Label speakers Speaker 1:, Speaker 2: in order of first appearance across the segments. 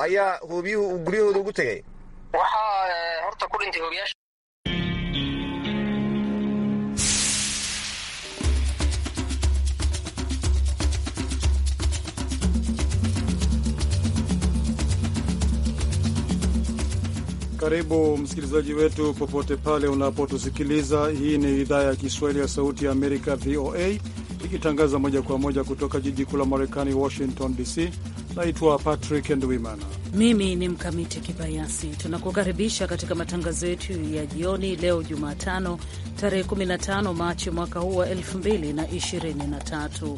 Speaker 1: ayaa uu guryahooda ugu tegay waxaa horta ku dhintay
Speaker 2: Karibu msikilizaji wetu popote pale unapotusikiliza. Hii ni idhaa ya Kiswahili ya Sauti ya Amerika, VOA, ikitangaza moja kwa moja kutoka jiji kuu la Marekani, Washington DC. Naitwa Patrick Ndwimana.
Speaker 3: Mimi ni Mkamiti Kibayasi. Tunakukaribisha katika matangazo yetu ya jioni leo Jumatano, tarehe 15 Machi mwaka huu wa 2023.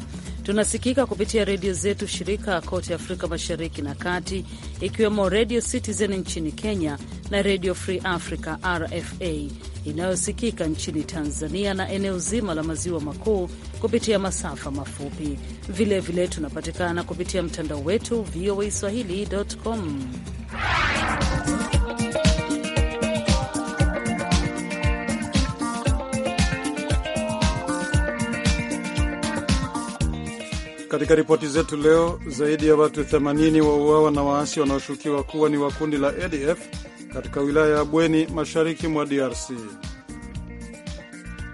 Speaker 3: Tunasikika kupitia redio zetu shirika kote Afrika Mashariki na Kati, ikiwemo Redio Citizen nchini Kenya na Redio Free Africa RFA inayosikika nchini Tanzania na eneo zima la maziwa makuu kupitia masafa mafupi. Vilevile tunapatikana kupitia mtandao wetu voa swahili.com.
Speaker 2: Katika ripoti zetu leo, zaidi ya watu 80 wauawa na waasi wanaoshukiwa kuwa ni wa kundi la ADF katika wilaya ya Bweni, mashariki mwa DRC.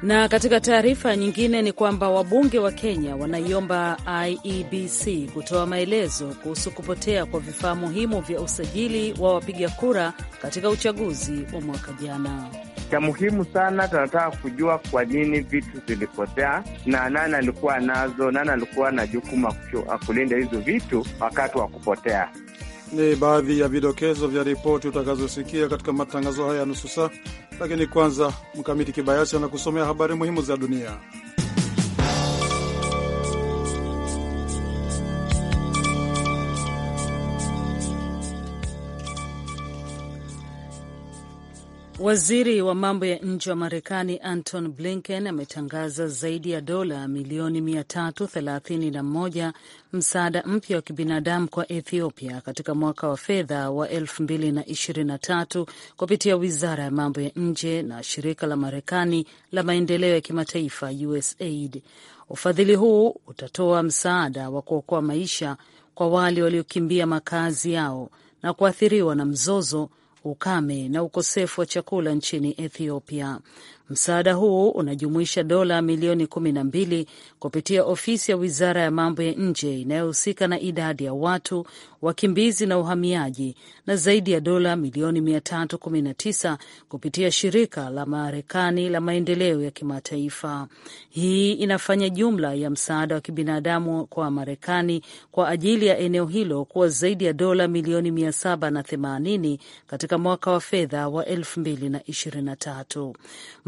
Speaker 3: Na katika taarifa nyingine ni kwamba wabunge wa Kenya wanaiomba IEBC kutoa maelezo kuhusu kupotea kwa vifaa muhimu vya usajili wa wapiga kura katika uchaguzi wa mwaka jana.
Speaker 1: Cha muhimu sana, tunataka kujua kwa nini vitu zilipotea na nani alikuwa nazo, nani alikuwa na jukumu kulinda hizo vitu wakati wa kupotea.
Speaker 2: Ni baadhi ya vidokezo vya ripoti utakazosikia katika matangazo haya ya nusu saa, lakini kwanza Mkamiti Kibayasi anakusomea habari muhimu za dunia.
Speaker 3: Waziri wa mambo ya nje wa Marekani Anton Blinken ametangaza zaidi ya dola milioni 331 msaada mpya wa kibinadamu kwa Ethiopia katika mwaka wa fedha wa 2023 kupitia wizara ya mambo ya nje na shirika la Marekani la maendeleo ya kimataifa USAID. Ufadhili huu utatoa msaada wa kuokoa maisha kwa wale waliokimbia makazi yao na kuathiriwa na mzozo ukame na ukosefu wa chakula nchini Ethiopia. Msaada huu unajumuisha dola milioni kumi na mbili kupitia ofisi ya wizara ya mambo ya nje inayohusika na idadi ya watu, wakimbizi na uhamiaji, na zaidi ya dola milioni mia tatu kumi na tisa kupitia shirika la Marekani la maendeleo ya kimataifa. Hii inafanya jumla ya msaada wa kibinadamu kwa Marekani kwa ajili ya eneo hilo kuwa zaidi ya dola milioni mia saba na themanini katika mwaka wa fedha wa elfu mbili na ishirini na tatu.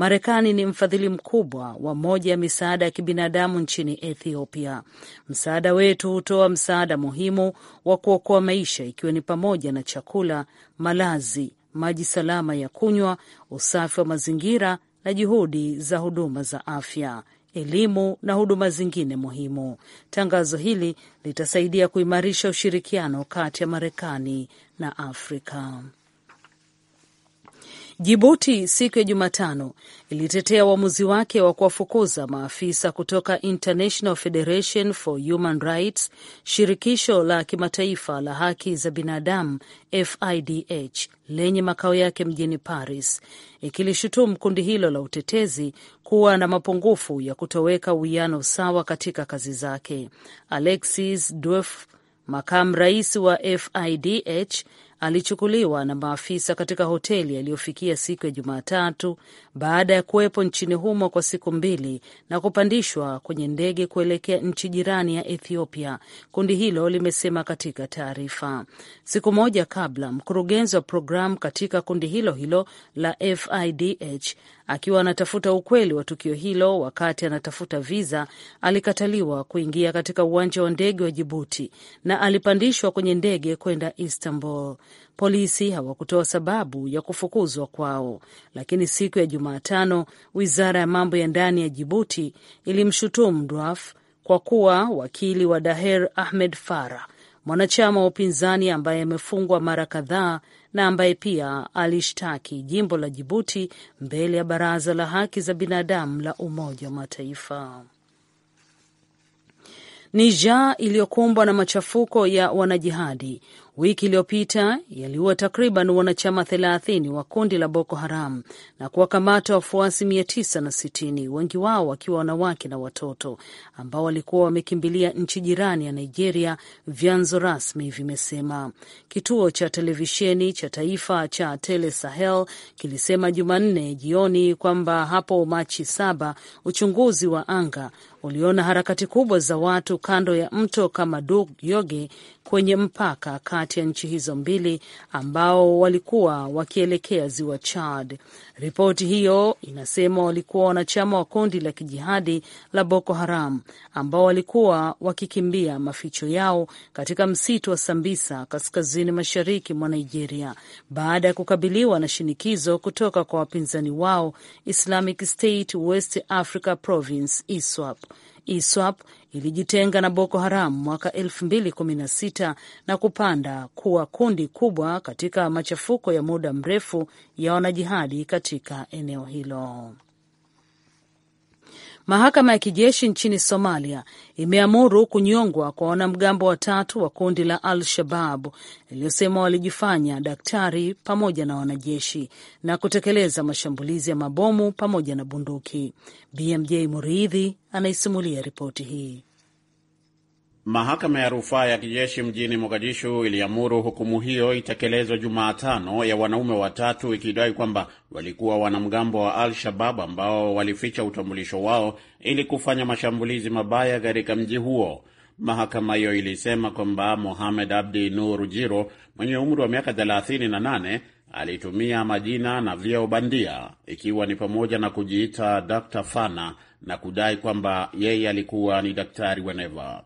Speaker 3: Marekani ni mfadhili mkubwa wa moja ya misaada ya kibinadamu nchini Ethiopia. Msaada wetu hutoa msaada muhimu wa kuokoa maisha, ikiwa ni pamoja na chakula, malazi, maji salama ya kunywa, usafi wa mazingira na juhudi za huduma za afya elimu na huduma zingine muhimu. Tangazo hili litasaidia kuimarisha ushirikiano kati ya Marekani na Afrika. Jibuti siku ya Jumatano ilitetea uamuzi wake wa kuwafukuza maafisa kutoka International Federation for Human Rights, shirikisho la kimataifa la haki za binadamu FIDH lenye makao yake mjini Paris, ikilishutumu kundi hilo la utetezi kuwa na mapungufu ya kutoweka uwiano sawa katika kazi zake. Alexis Dwef, makamu rais wa FIDH alichukuliwa na maafisa katika hoteli aliyofikia siku ya Jumatatu baada ya kuwepo nchini humo kwa siku mbili na kupandishwa kwenye ndege kuelekea nchi jirani ya Ethiopia, kundi hilo limesema katika taarifa. Siku moja kabla, mkurugenzi wa programu katika kundi hilo hilo la FIDH akiwa anatafuta ukweli wa tukio hilo. Wakati anatafuta viza, alikataliwa kuingia katika uwanja wa ndege wa Jibuti na alipandishwa kwenye ndege kwenda Istanbul. Polisi hawakutoa sababu ya kufukuzwa kwao, lakini siku ya Jumatano wizara ya mambo ya ndani ya Jibuti ilimshutumu Dwaf kwa kuwa wakili wa Daher Ahmed Farah mwanachama wa upinzani ambaye amefungwa mara kadhaa na ambaye pia alishtaki jimbo la Jibuti mbele ya Baraza la Haki za Binadamu la Umoja wa Mataifa. Niger iliyokumbwa na machafuko ya wanajihadi wiki iliyopita yaliua takriban wanachama 30 wa kundi la Boko Haram na kuwakamata wafuasi 960 wengi wao wakiwa wanawake na watoto ambao walikuwa wamekimbilia nchi jirani ya Nigeria, vyanzo rasmi vimesema. Kituo cha televisheni cha taifa cha Tele Sahel kilisema Jumanne jioni kwamba hapo Machi saba uchunguzi wa anga uliona harakati kubwa za watu kando ya mto kama Dug Yoge kwenye mpaka kati ya nchi hizo mbili ambao walikuwa wakielekea ziwa Chad. Ripoti hiyo inasema walikuwa wanachama wa kundi la kijihadi la Boko Haram ambao walikuwa wakikimbia maficho yao katika msitu wa Sambisa kaskazini mashariki mwa Nigeria baada ya kukabiliwa na shinikizo kutoka kwa wapinzani wao Islamic State West Africa Province ISWAP. ISWAP ilijitenga na Boko Haram mwaka 2016 na kupanda kuwa kundi kubwa katika machafuko ya muda mrefu ya wanajihadi katika eneo hilo. Mahakama ya kijeshi nchini Somalia imeamuru kunyongwa kwa wanamgambo watatu wa kundi la Al Shabab iliyosema walijifanya daktari pamoja na wanajeshi na kutekeleza mashambulizi ya mabomu pamoja na bunduki. BMJ Muridhi anaisimulia ripoti hii.
Speaker 4: Mahakama ya rufaa ya kijeshi mjini Mogadishu iliamuru hukumu hiyo itekelezwe Jumatano ya wanaume watatu ikidai kwamba walikuwa wanamgambo wa Al-Shabab ambao walificha utambulisho wao ili kufanya mashambulizi mabaya katika mji huo. Mahakama hiyo ilisema kwamba Mohamed Abdi Nur Jiro mwenye umri wa miaka 38 alitumia majina na vyeo bandia ikiwa ni pamoja na kujiita Dr Fana na kudai kwamba yeye alikuwa ni daktari wa neva.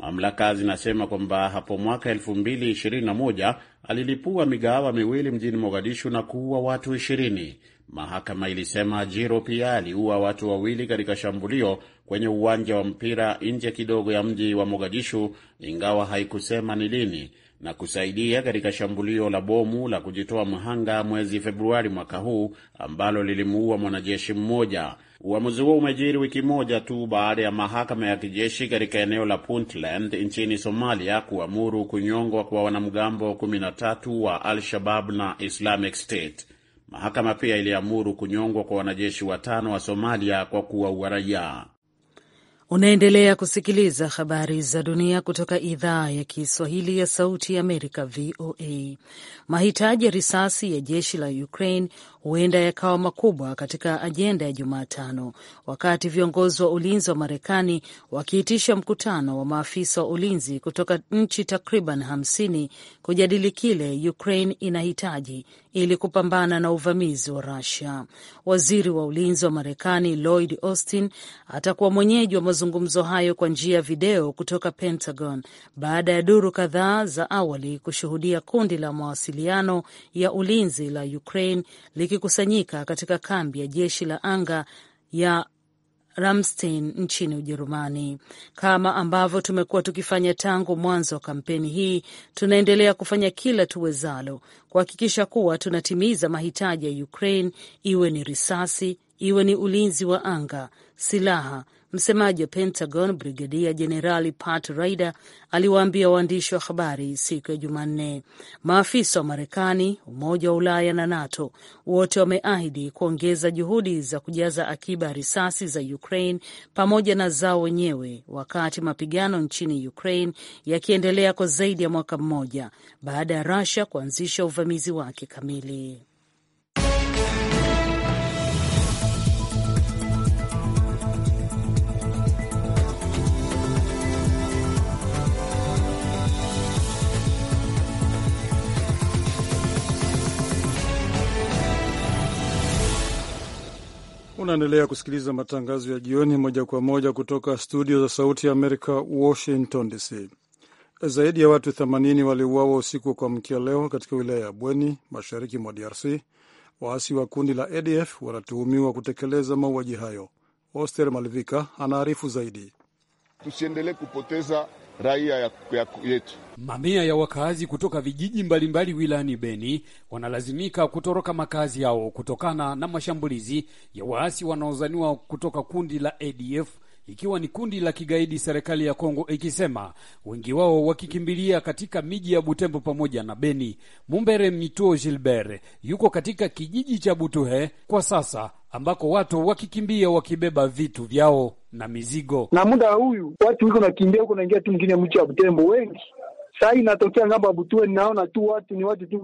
Speaker 4: Mamlaka zinasema kwamba hapo mwaka 2021 alilipua migahawa miwili mjini Mogadishu na kuua watu 20. Mahakama ilisema Jiro pia aliua watu wawili katika shambulio kwenye uwanja wa mpira nje kidogo ya mji wa Mogadishu, ingawa haikusema ni lini, na kusaidia katika shambulio la bomu la kujitoa mhanga mwezi Februari mwaka huu ambalo lilimuua mwanajeshi mmoja. Uamuzi huo umejiri wiki moja tu baada ya mahakama ya kijeshi katika eneo la Puntland nchini Somalia kuamuru kunyongwa kwa wanamgambo 13 wa Al-Shabab na Islamic State. Mahakama pia iliamuru kunyongwa kwa wanajeshi watano wa Somalia kwa kuwaua raia.
Speaker 3: Unaendelea kusikiliza habari za dunia kutoka idhaa ya Kiswahili ya Sauti ya Amerika, VOA. Mahitaji ya risasi ya jeshi la Ukraine huenda yakawa makubwa katika ajenda ya Jumatano, wakati viongozi wa ulinzi wa Marekani wakiitisha mkutano wa maafisa wa ulinzi kutoka nchi takriban hamsini kujadili kile Ukraine inahitaji ili kupambana na uvamizi wa Rusia. Waziri wa ulinzi wa Marekani Lloyd Austin atakuwa mwenyeji wa mazungumzo hayo kwa njia ya video kutoka Pentagon baada ya duru kadhaa za awali kushuhudia kundi la mawasiliano ya ulinzi la Ukraine likikusanyika katika kambi ya jeshi la anga ya Ramstein nchini Ujerumani. Kama ambavyo tumekuwa tukifanya tangu mwanzo wa kampeni hii, tunaendelea kufanya kila tuwezalo kuhakikisha kuwa tunatimiza mahitaji ya Ukraine, iwe ni risasi, iwe ni ulinzi wa anga, silaha, Msemaji wa Pentagon Brigedia Jenerali Pat Ryder aliwaambia waandishi wa habari siku ya Jumanne maafisa wa Marekani, Umoja wa Ulaya na NATO wote wameahidi kuongeza juhudi za kujaza akiba ya risasi za Ukraine pamoja na zao wenyewe, wakati mapigano nchini Ukraine yakiendelea kwa zaidi ya mwaka mmoja baada ya Russia kuanzisha uvamizi wake kamili.
Speaker 2: Unaendelea kusikiliza matangazo ya jioni moja kwa moja kutoka studio za Sauti ya Amerika, Washington DC. Zaidi ya watu 80 waliuawa usiku wa kuamkia leo katika wilaya ya Bweni, mashariki mwa DRC. Waasi wa kundi la ADF wanatuhumiwa kutekeleza mauaji hayo. Oster Malivika anaarifu zaidi.
Speaker 4: Tusiendelee kupoteza raia ya, ya, yetu.
Speaker 5: Mamia ya wakaazi kutoka vijiji mbalimbali wilayani Beni wanalazimika kutoroka makazi yao kutokana na mashambulizi ya waasi wanaozaniwa kutoka kundi la ADF ikiwa ni kundi la kigaidi, serikali ya Kongo ikisema wengi wao wakikimbilia katika miji ya Butembo pamoja na Beni. Mumbere Mituo Gilbert yuko katika kijiji cha Butuhe kwa sasa ambako watu wakikimbia wakibeba vitu vyao na mizigo,
Speaker 1: na muda huyu watu wiko nakimbia huko naingia tu mwingine mji ya Butembo wengi saa hii inatokea ngamba Butue, ninaona tu watu ni watu
Speaker 2: tu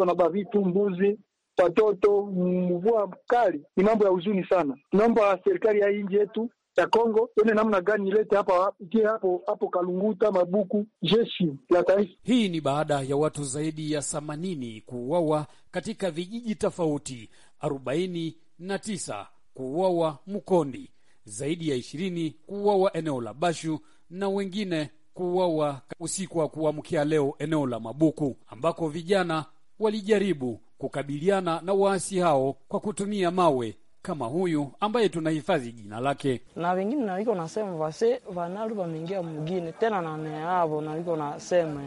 Speaker 2: wanabeba vitu, mbuzi, watoto. Mvua mkali ni mambo ya huzuni sana. Tunaomba serikali ya nji yetu ya Kongo, ene namna gani nilete hapa ikie hapo hapo Kalunguta mabuku jeshi
Speaker 5: la taifa. Hii ni baada ya watu zaidi ya themanini kuuawa katika vijiji tofauti, arobaini na tisa kuuawa Mkondi, zaidi ya ishirini kuuawa eneo la Bashu na wengine kuuawa usiku wa kuamkia leo eneo la Mabuku ambako vijana walijaribu kukabiliana na waasi hao kwa kutumia mawe kama huyu ambaye tunahifadhi jina lake,
Speaker 6: na wengine nawiko nasema vase vanalu vameingia mugine tena naneavo nawiko nasema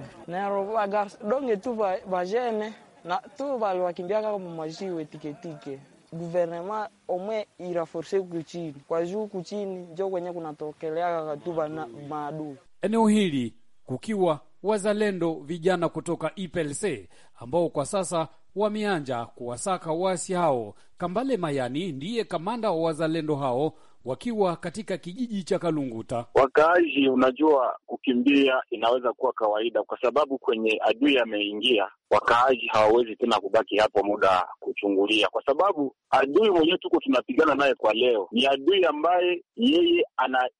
Speaker 6: donge tu vajene na tu valiwakimbiaka mumajiwe tiketike guvernema omwe iraforse kuchini kwa juu kuchini njo kwenye kunatokeleaka katuva vana maadui
Speaker 5: eneo hili kukiwa wazalendo vijana kutoka IPLC ambao kwa sasa wameanja kuwasaka waasi hao. Kambale Mayani ndiye kamanda wa wazalendo hao wakiwa katika kijiji cha Kalunguta.
Speaker 1: Wakaaji, unajua kukimbia inaweza kuwa kawaida, kwa sababu kwenye adui ameingia, wakaaji hawawezi tena kubaki hapo muda kuchungulia, kwa sababu adui mwenyewe tuko tunapigana naye kwa leo ni adui ambaye yeye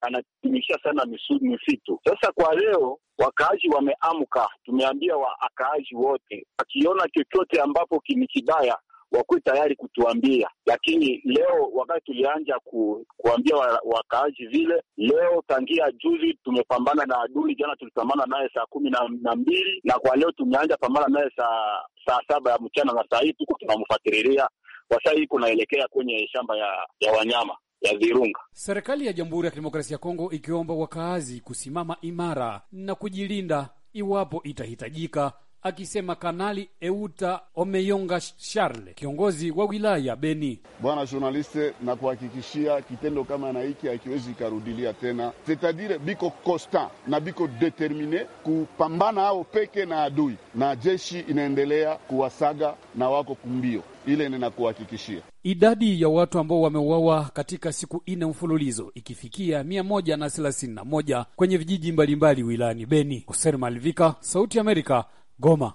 Speaker 1: anatimisha ana sana misitu. Sasa kwa leo wakaaji wameamka, tumeambia wakaaji wote, akiona chochote ambapo ni kibaya wakuwe tayari kutuambia, lakini leo wakati tulianja ku, kuambia wakaaji vile, leo tangia juzi tumepambana na adui. Jana tulipambana naye saa kumi na, na mbili na kwa leo tumeanja pambana naye saa saa saba ya mchana, na saa hii tuko tunamfatiriria kwa saa hii kunaelekea kwenye shamba ya,
Speaker 7: ya wanyama ya Virunga.
Speaker 5: Serikali ya Jamhuri ya Kidemokrasia ya Kongo ikiomba wakaazi kusimama imara na kujilinda iwapo itahitajika akisema Kanali Euta Omeyonga Charle, kiongozi
Speaker 4: wa wilaya Beni. Bwana journaliste, nakuhakikishia kitendo kama na hiki hakiwezi ikarudilia tena, setadire biko constant na biko determine kupambana ao peke na adui, na jeshi inaendelea kuwasaga na wako kumbio ile ninakuhakikishia
Speaker 5: idadi ya watu ambao wameuawa katika siku nne mfululizo ikifikia mia moja na thelathini na moja kwenye vijiji mbalimbali wilayani Beni. Hoser Malvika, Sauti Amerika, Goma.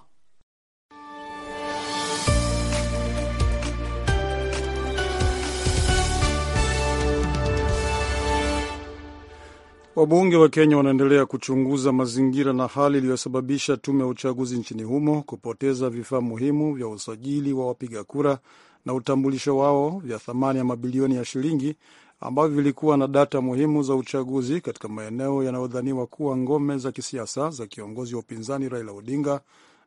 Speaker 2: Wabunge wa Kenya wanaendelea kuchunguza mazingira na hali iliyosababisha tume ya uchaguzi nchini humo kupoteza vifaa muhimu vya usajili wa wapiga kura na utambulisho wao vya thamani ya mabilioni ya shilingi ambavyo vilikuwa na data muhimu za uchaguzi katika maeneo yanayodhaniwa kuwa ngome za kisiasa za kiongozi wa upinzani Raila Odinga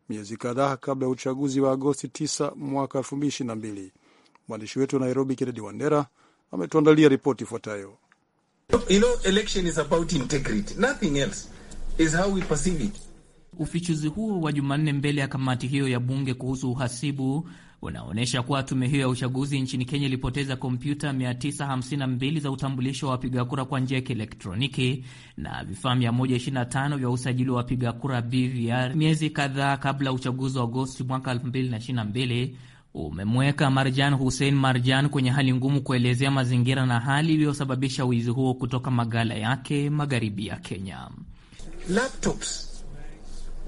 Speaker 2: miezi kadhaa kabla ya uchaguzi wa Agosti 9 mwaka 2022. Mwandishi wetu wa Nairobi, Kennedy Wandera, ametuandalia ripoti ifuatayo.
Speaker 6: Ufichuzi huo wa Jumanne mbele ya kamati hiyo ya bunge kuhusu uhasibu unaonyesha kuwa tume hiyo ya uchaguzi nchini Kenya ilipoteza kompyuta 952 za utambulisho wa wapiga kura kwa njia ya kielektroniki na vifaa 125 vya usajili wa wapiga kura BVR, miezi kadhaa kabla ya uchaguzi wa Agosti mwaka 2022 umemweka Marjan Hussein Marjan kwenye hali ngumu kuelezea mazingira na hali iliyosababisha wizi huo kutoka magala yake magharibi ya Kenya.
Speaker 5: Laptops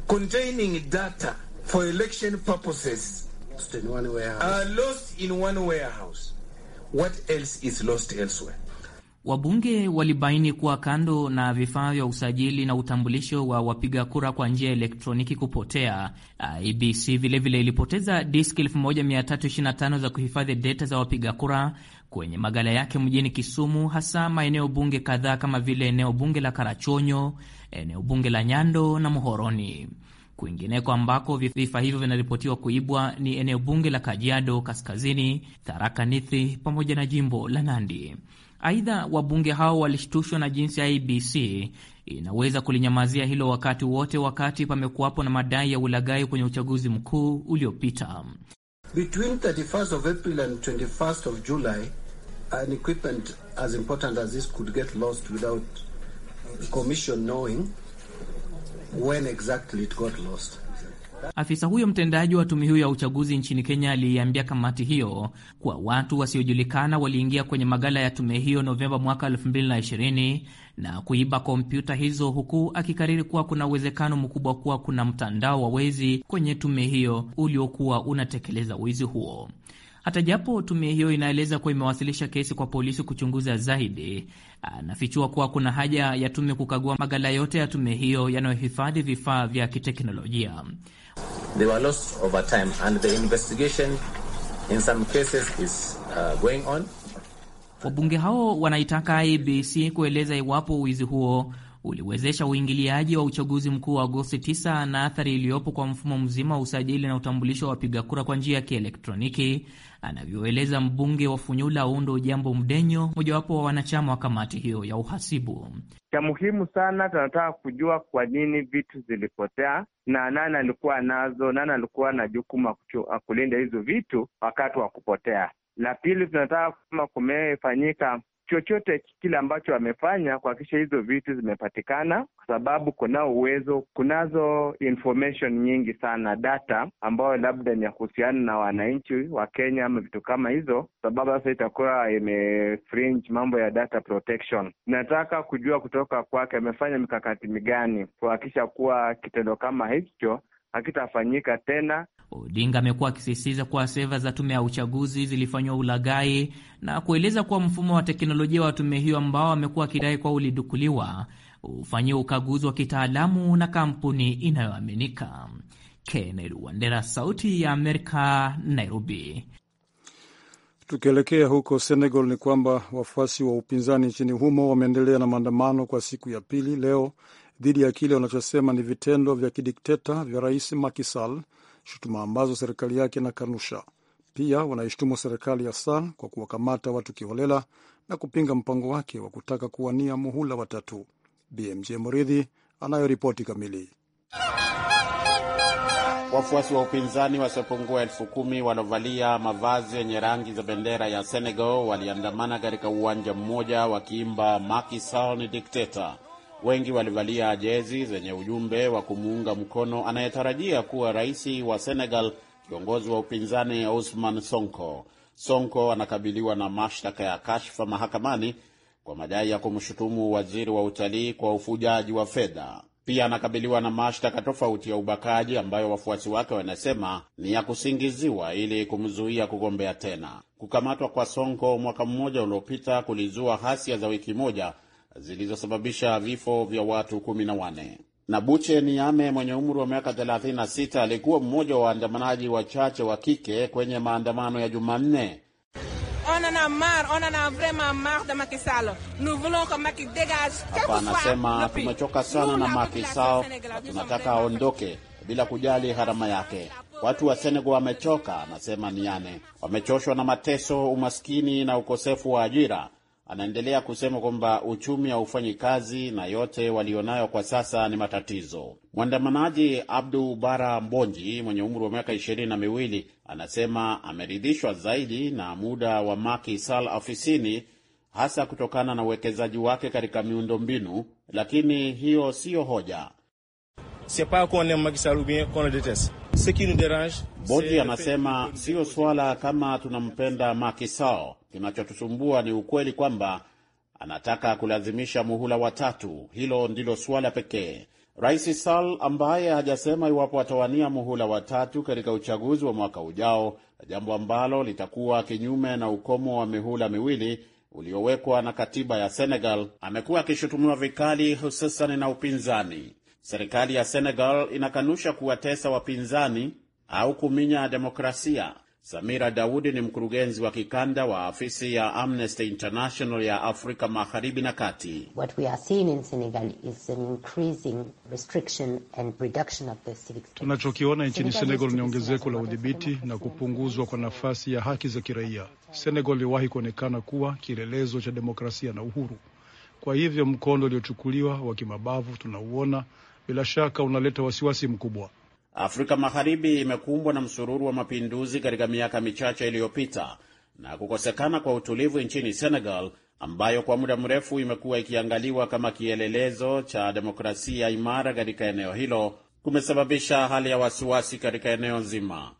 Speaker 5: containing data for election purposes lost in one warehouse. Uh, lost in one warehouse. What else
Speaker 4: is lost elsewhere?
Speaker 6: Wabunge walibaini kuwa kando na vifaa vya usajili na utambulisho wa wapiga kura kwa njia ya elektroniki kupotea, IBC uh, vilevile vile ilipoteza diski 1325 za kuhifadhi data za wapiga kura kwenye magala yake mjini Kisumu, hasa maeneo bunge kadhaa kama vile eneo bunge la Karachonyo, eneo bunge la Nyando na Muhoroni. Kwingineko ambako vifaa hivyo vinaripotiwa kuibwa ni eneo bunge la Kajiado Kaskazini, Tharaka Nithi pamoja na jimbo la Nandi. Aidha, wabunge hao walishtushwa na jinsi IEBC inaweza kulinyamazia hilo wakati wote, wakati pamekuwapo na madai ya ulaghai kwenye uchaguzi mkuu uliopita.
Speaker 5: An when exactly it got lost.
Speaker 6: Afisa huyo mtendaji wa tume hiyo ya uchaguzi nchini Kenya aliiambia kamati hiyo kuwa watu wasiojulikana waliingia kwenye magala ya tume hiyo Novemba mwaka 2020 na kuiba kompyuta hizo, huku akikariri kuwa kuna uwezekano mkubwa kuwa kuna mtandao wa wezi kwenye tume hiyo uliokuwa unatekeleza wizi huo. Hata japo tume hiyo inaeleza kuwa imewasilisha kesi kwa polisi kuchunguza zaidi, anafichua ah, kuwa kuna haja ya tume kukagua magala yote ya tume hiyo yanayohifadhi vifaa vya kiteknolojia. Uh, Wabunge hao wanaitaka ibc kueleza iwapo wizi huo uliwezesha uingiliaji wa uchaguzi mkuu wa Agosti 9 na athari iliyopo kwa mfumo mzima wa usajili na utambulisho wa wapiga kura kwa njia ya kielektroniki anavyoeleza mbunge wa Funyula Undo Jambo Mdenyo, mojawapo wa wanachama wa kamati hiyo ya uhasibu.
Speaker 1: Cha muhimu sana, tunataka kujua kwa nini vitu zilipotea na nani alikuwa nazo, nani alikuwa na jukumu kulinda hizo vitu wakati wa kupotea. La pili, tunataka kusema kumefanyika chochote kile ambacho amefanya kuhakikisha hizo vitu zimepatikana, kwa sababu kunao uwezo, kunazo information nyingi sana, data ambayo labda ni ya kuhusiana na wananchi wa Kenya ama vitu kama hizo, sababu sasa itakuwa imefringe mambo ya data protection. Nataka kujua kutoka kwake amefanya mikakati migani kuhakikisha kuwa kitendo kama hicho hakitafanyika tena
Speaker 6: Odinga amekuwa akisisitiza kuwa seva za tume ya uchaguzi zilifanyiwa ulaghai na kueleza kuwa mfumo wa teknolojia wa tume hiyo ambao amekuwa akidai kuwa ulidukuliwa ufanyiwe ukaguzi wa kitaalamu na kampuni inayoaminika. Kennedy Wandera, Sauti ya Amerika, Nairobi.
Speaker 2: Tukielekea huko Senegal ni kwamba wafuasi wa upinzani nchini humo wameendelea na maandamano kwa siku ya pili leo dhidi ya kile wanachosema ni vitendo vya kidikteta vya Rais Macky Sall shutuma ambazo serikali yake inakanusha. Pia wanaishtumu serikali ya sal kwa kuwakamata watu kiholela na kupinga mpango wake wa kutaka kuwania muhula watatu. BMJ Muridhi anayo ripoti kamili.
Speaker 4: Wafuasi wa upinzani wasiopungua elfu kumi wanaovalia mavazi yenye rangi za bendera ya Senegal waliandamana katika uwanja mmoja wakiimba Macky Sall ni dikteta Wengi walivalia jezi zenye ujumbe wa kumuunga mkono anayetarajia kuwa rais wa Senegal, kiongozi wa upinzani Ousmane Sonko. Sonko anakabiliwa na mashtaka ya kashfa mahakamani kwa madai ya kumshutumu waziri wa utalii kwa ufujaji wa fedha. Pia anakabiliwa na mashtaka tofauti ya ubakaji ambayo wafuasi wake wanasema ni ya kusingiziwa ili kumzuia kugombea tena. Kukamatwa kwa Sonko mwaka mmoja uliopita kulizua hasia za wiki moja zilizosababisha vifo vya watu kumi na wane. Nabuche Niame mwenye umri wa miaka 36 alikuwa mmoja wa waandamanaji wachache wa kike kwenye maandamano ya Jumanne. Hapa anasema tumechoka sana na Macky Sall na tunataka aondoke bila kujali gharama yake. Watu wa Senegal wamechoka, anasema Niane. Wamechoshwa na mateso, umaskini na ukosefu wa ajira Anaendelea kusema kwamba uchumi haufanyi kazi na yote walionayo kwa sasa ni matatizo. Mwandamanaji Abdu Bara Mbonji mwenye umri wa miaka ishirini na miwili anasema ameridhishwa zaidi na muda wa Macky Sall ofisini, hasa kutokana na uwekezaji wake katika miundombinu, lakini hiyo siyo hoja c'est pas qu'on aime Macky Sall ou bien qu'on le déteste. Ce qui nous dérange Bodi anasema siyo swala kama tunampenda Macky Sall. Kinachotusumbua ni ukweli kwamba anataka kulazimisha muhula watatu. Hilo ndilo swala pekee. Rais Sall ambaye hajasema iwapo atawania muhula watatu katika uchaguzi wa mwaka ujao, jambo ambalo litakuwa kinyume na ukomo wa mihula miwili uliowekwa na katiba ya Senegal, amekuwa akishutumiwa vikali hususani na upinzani. Serikali ya Senegal inakanusha kuwatesa wapinzani au kuminya demokrasia. Samira Daudi ni mkurugenzi wa kikanda wa afisi ya Amnesty International ya Afrika Magharibi na Kati.
Speaker 8: Tunachokiona nchini Senegal ni ongezeko
Speaker 4: la
Speaker 2: udhibiti na kupunguzwa kwa nafasi ya haki za kiraia. Senegal iliwahi kuonekana kuwa kielelezo cha demokrasia na uhuru. Kwa hivyo mkondo uliochukuliwa wa kimabavu tunauona bila shaka unaleta wasiwasi mkubwa.
Speaker 4: Afrika Magharibi imekumbwa na msururu wa mapinduzi katika miaka michache iliyopita na kukosekana kwa utulivu nchini Senegal, ambayo kwa muda mrefu imekuwa ikiangaliwa kama kielelezo cha demokrasia imara katika eneo hilo, kumesababisha hali ya wasiwasi katika eneo nzima.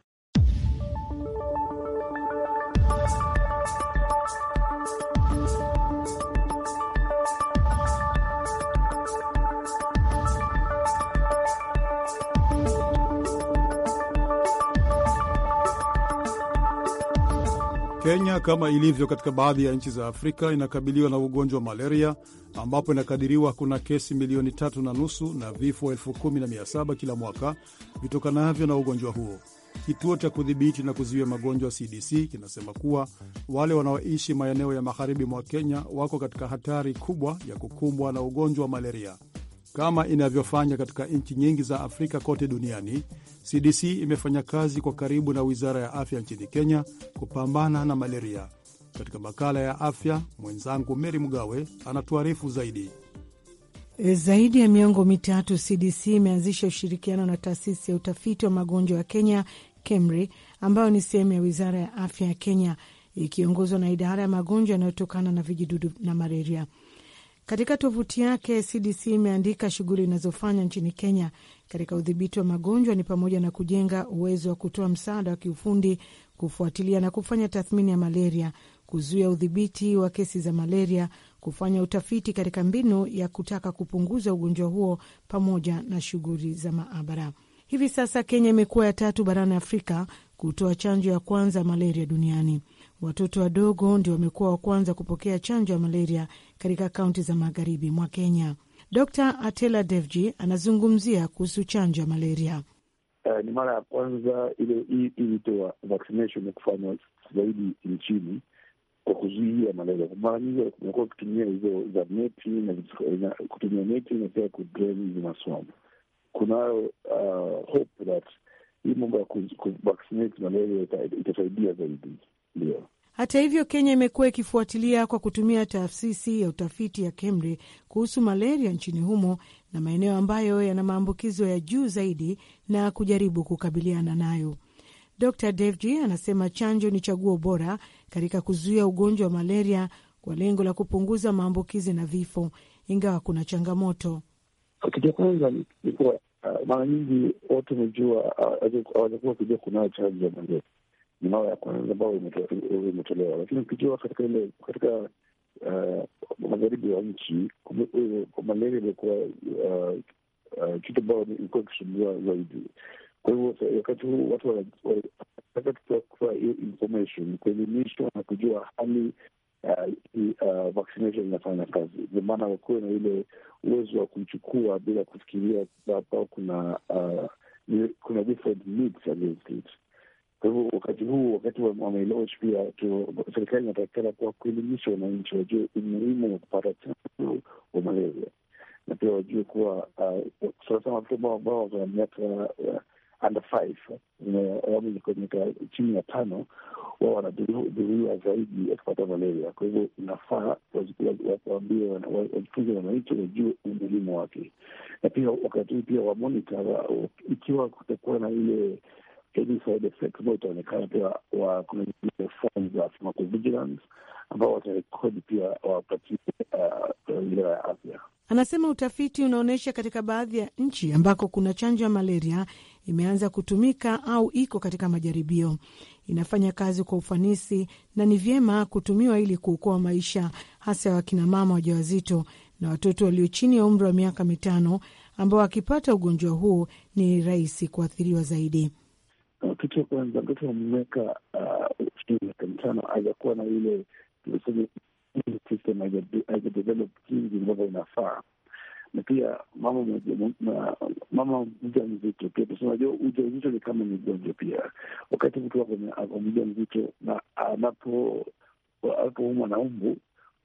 Speaker 2: Kenya kama ilivyo katika baadhi ya nchi za Afrika inakabiliwa na ugonjwa wa malaria ambapo inakadiriwa kuna kesi milioni tatu na nusu na vifo elfu kumi na mia saba kila mwaka vitokanavyo na ugonjwa huo. Kituo cha kudhibiti na kuzuia magonjwa CDC kinasema kuwa wale wanaoishi maeneo ya magharibi mwa Kenya wako katika hatari kubwa ya kukumbwa na ugonjwa wa malaria. Kama inavyofanya katika nchi nyingi za Afrika kote duniani, CDC imefanya kazi kwa karibu na wizara ya afya nchini Kenya kupambana na malaria. Katika makala ya afya, mwenzangu Meri Mgawe anatuarifu zaidi.
Speaker 8: E, zaidi ya miongo mitatu, CDC imeanzisha ushirikiano na taasisi ya utafiti wa magonjwa ya Kenya, KEMRI, ambayo ni sehemu ya wizara ya afya ya Kenya, ikiongozwa na idara ya magonjwa yanayotokana na vijidudu na malaria. Katika tovuti yake, CDC imeandika shughuli inazofanya nchini Kenya katika udhibiti wa magonjwa ni pamoja na kujenga uwezo wa kutoa msaada wa kiufundi, kufuatilia na kufanya tathmini ya malaria, kuzuia udhibiti wa kesi za malaria, kufanya utafiti katika mbinu ya kutaka kupunguza ugonjwa huo, pamoja na shughuli za maabara. Hivi sasa Kenya imekuwa ya tatu barani Afrika kutoa chanjo ya kwanza malaria duniani. Watoto wadogo ndio wamekuwa wa kwanza kupokea chanjo ya malaria katika kaunti za magharibi mwa Kenya. Dr Atela Devji anazungumzia kuhusu chanjo ya malaria.
Speaker 7: Uh, ni mara ya kwanza ile hii ilitoa vaccination ya kufanywa zaidi nchini kwa kuzuia malaria. Mara nyingi umekuwa kutumia hizo za neti na kutumia neti na pia kudrain hizi maswamu. Kunayo uh, hope that hii mambo ya kuvaccinate malaria itasaidia zaidi. Ndio.
Speaker 8: Hata hivyo, Kenya imekuwa ikifuatilia kwa kutumia taasisi ya utafiti ya KEMRI kuhusu malaria nchini humo na maeneo ambayo yana maambukizo ya juu zaidi na kujaribu kukabiliana nayo. Dr Davji anasema chanjo ni chaguo bora katika kuzuia ugonjwa wa malaria kwa lengo la kupunguza maambukizi na vifo, ingawa kuna changamoto.
Speaker 7: Kitu cha kwanza ni kuwa uh, mara nyingi watu uh, wamejua hawajakuwa wakijua kunayo chanjo ya malaria mara ya kwanza ambayo imetolewa, lakini ukijua katika ile katika uh, magharibi ya nchi malaria imekuwa uh, uh, kitu ambayo ilikuwa ikisumbua zaidi. Kwa hivyo wakati huu watu wanataka kutoa hiyo information, kuelimishwa na kujua hali vaccination inafanya kazi, ndio maana wakuwe na ile uwezo wa kuchukua bila kufikiria kuna kuna kuna different needs against it kwa hivyo wakati huu, wakati wa mailoj pia serikali inatakikana kuwa kuelimisha wananchi wajue umuhimu wa kupata chanjo wa malaria, na pia wajue kuwa uh, sanasana watoto ambao ambao wako na miaka uh, under five awamu miaka chini ya tano, wao wanadhuriwa zaidi wakipata malaria. Kwa hivyo inafaa waambie, wajifunze wananchi wajue umuhimu wake, na pia wakati huu pia wamonita ikiwa kutakuwa na ile NSDF wote wanaonekana pia fomu za pharmacovigilance ambao watarekodi pia wapatie uh, uh, wizara ya afya.
Speaker 8: Anasema utafiti unaonyesha katika baadhi ya nchi ambako kuna chanjo ya malaria imeanza kutumika au iko katika majaribio, inafanya kazi kwa ufanisi na ni vyema kutumiwa ili kuokoa maisha, hasa ya wakinamama wajawazito na watoto walio chini ya umri wa miaka mitano, ambao wakipata ugonjwa huu ni rahisi kuathiriwa zaidi
Speaker 7: kitu cha kwanza mtoto wamweka uh, shule mtano ajakuwa na ile tuseme system haijadevelop ambavyo inafaa na pia mama mama mja mzito pia tunajua uja uzito ni kama ni pia. Wakati mtu ako mja mzito na anapo anapoumwa na umbu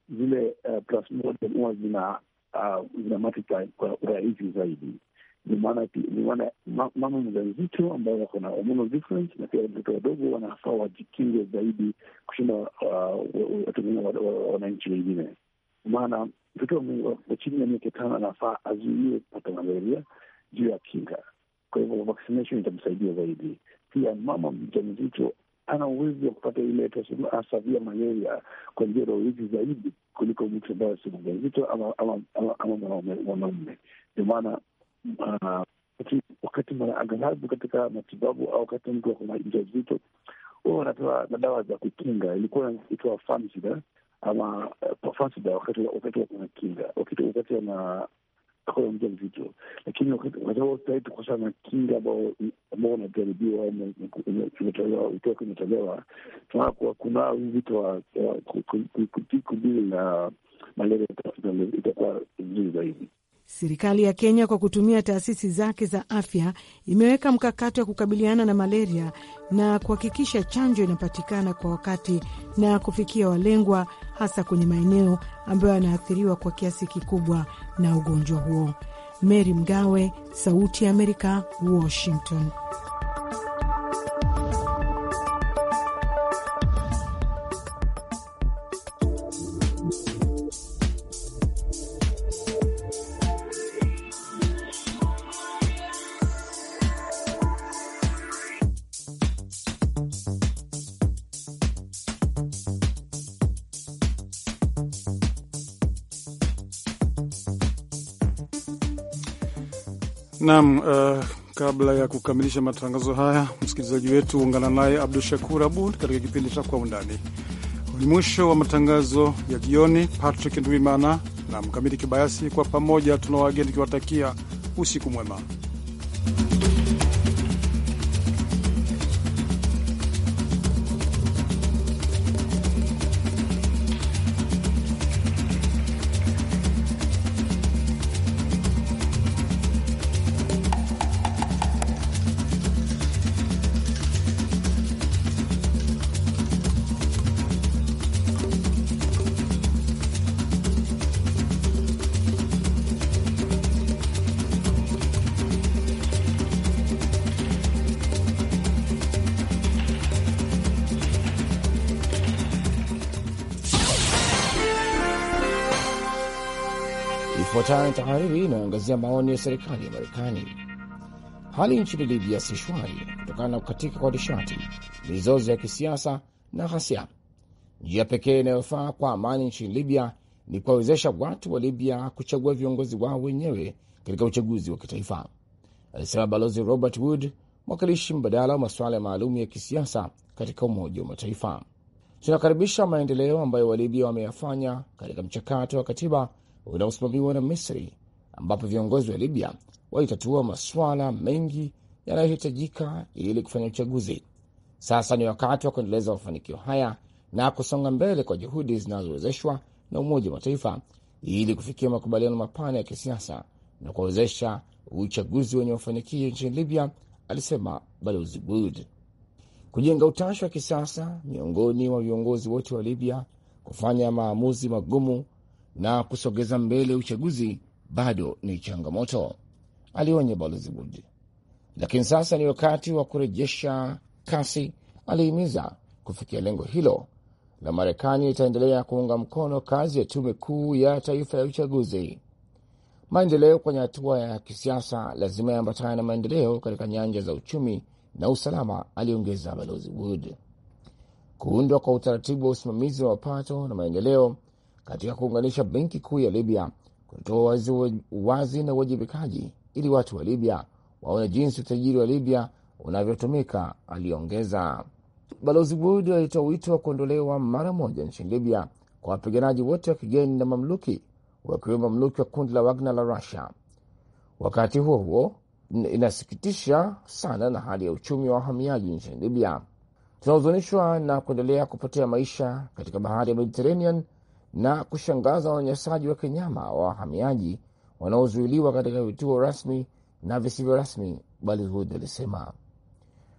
Speaker 7: zile uh, plasmodium huwa uh, zina multiply kwa urahisi zaidi ni maana ma, mama mjamzito ambao wako na hormonal difference na pia watoto wadogo wanafaa wajikinge zaidi kushinda uh, watu wengine wananchi wengine. Maana mtoto wa chini ya miaka tano anafaa azuie kupata malaria juu ya kinga, kwa hivyo vaccination itamsaidia zaidi. Pia mama mja mzito ana uwezo wa kupata ile tunasemavia malaria kwa njia rahisi zaidi kuliko mtu ambaye si mjamzito ama mwanaume. Ndio maana uh, wakati aghalabu katika matibabu au wakati mtu ako na ujauzito huwa wanapewa na dawa za kukinga, ilikuwa inaitwa fansida ama fansida wakati wakati wako na kinga, wakati wakati wana akona mja mzito, lakini wakati huo sahii tukosa na kinga ambao ambao unajaribiwa utoke umetolewa, tunaona kuwa kuna uzito wa kudili na malaria itakuwa vizuri zaidi.
Speaker 8: Serikali ya Kenya kwa kutumia taasisi zake za afya imeweka mkakati wa kukabiliana na malaria na kuhakikisha chanjo inapatikana kwa wakati na kufikia walengwa, hasa kwenye maeneo ambayo yanaathiriwa kwa kiasi kikubwa na ugonjwa huo. Mary Mgawe, Sauti ya Amerika, Washington.
Speaker 2: Naam, uh, eh, kabla ya kukamilisha matangazo haya, msikilizaji wetu, ungana naye Abdu Shakur Abud katika kipindi cha Kwa Undani. Ni mwisho wa matangazo ya jioni. Patrick Ndwimana na Mkamiti Kibayasi kwa pamoja tuna wageni tukiwatakia usiku mwema.
Speaker 9: Ifuatayo tahariri inayoangazia maoni ya serikali ya Marekani. Hali nchini Libya si shwari kutokana na kukatika kwa nishati, mizozo ya kisiasa na ghasia. Njia pekee inayofaa kwa amani nchini Libya ni kuwawezesha watu wa Libya kuchagua viongozi wao wenyewe katika uchaguzi wa kitaifa, alisema Balozi Robert Wood, mwakilishi mbadala wa masuala maalum ya kisiasa katika Umoja wa Mataifa. Tunakaribisha maendeleo ambayo Walibya wameyafanya katika mchakato wa katiba unaosimamiwa na Misri, ambapo viongozi wa Libya walitatua masuala mengi yanayohitajika ili kufanya uchaguzi. Sasa ni wakati wa kuendeleza mafanikio haya na kusonga mbele kwa juhudi zinazowezeshwa na Umoja wa Mataifa ili kufikia makubaliano mapana ya kisiasa na kuwawezesha uchaguzi wenye mafanikio nchini Libya, alisema balozi Good. Kujenga utashi wa kisiasa miongoni mwa viongozi wote wa Libya kufanya maamuzi magumu na kusogeza mbele uchaguzi bado ni changamoto, alionya balozi Wood. Lakini sasa ni wakati wa kurejesha kasi, alihimiza. Kufikia lengo hilo, la Marekani itaendelea kuunga mkono kazi ya tume kuu ya taifa ya uchaguzi. Maendeleo kwenye hatua ya kisiasa lazima yaambatana na maendeleo katika nyanja za uchumi na usalama, aliongeza balozi Wood. Kuundwa kwa utaratibu wa usimamizi wa mapato na maendeleo katika kuunganisha benki kuu ya Libya, wazi, uwazi na uwajibikaji ili watu wa Libya waone jinsi utajiri wa Libya unavyotumika, aliongeza. Balozi Wood alitoa wito wa kuondolewa mara moja nchini Libya kwa wapiganaji wote wa kigeni na mamluki, wakiwemo mamluki wa kundi la Wagner la Russia. Wakati huo huo, inasikitisha sana na hali ya uchumi wa wahamiaji nchini Libya. Tunahuzunishwa na kuendelea kupotea maisha katika bahari ya Mediterranean na kushangaza wanyanyasaji wa kinyama wa wahamiaji wanaozuiliwa katika vituo rasmi na visivyo rasmi, Balihud alisema.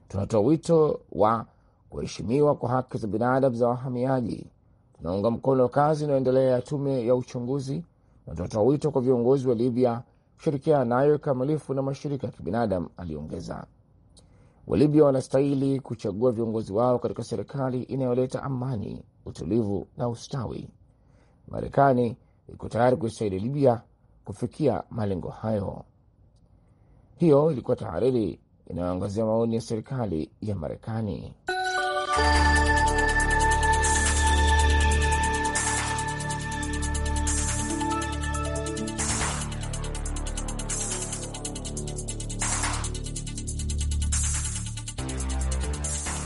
Speaker 9: Tunatoa wito wa kuheshimiwa kwa haki za binadamu za wahamiaji. Tunaunga mkono kazi inayoendelea ya tume ya uchunguzi na tunatoa wito kwa viongozi wa Libya kushirikiana nayo kikamilifu na mashirika ya kibinadamu, aliongeza. Walibya wanastahili kuchagua viongozi wao katika serikali inayoleta amani, utulivu na ustawi. Marekani iko tayari kuisaidia Libya kufikia malengo hayo. Hiyo ilikuwa tahariri inayoangazia maoni ya serikali ya Marekani.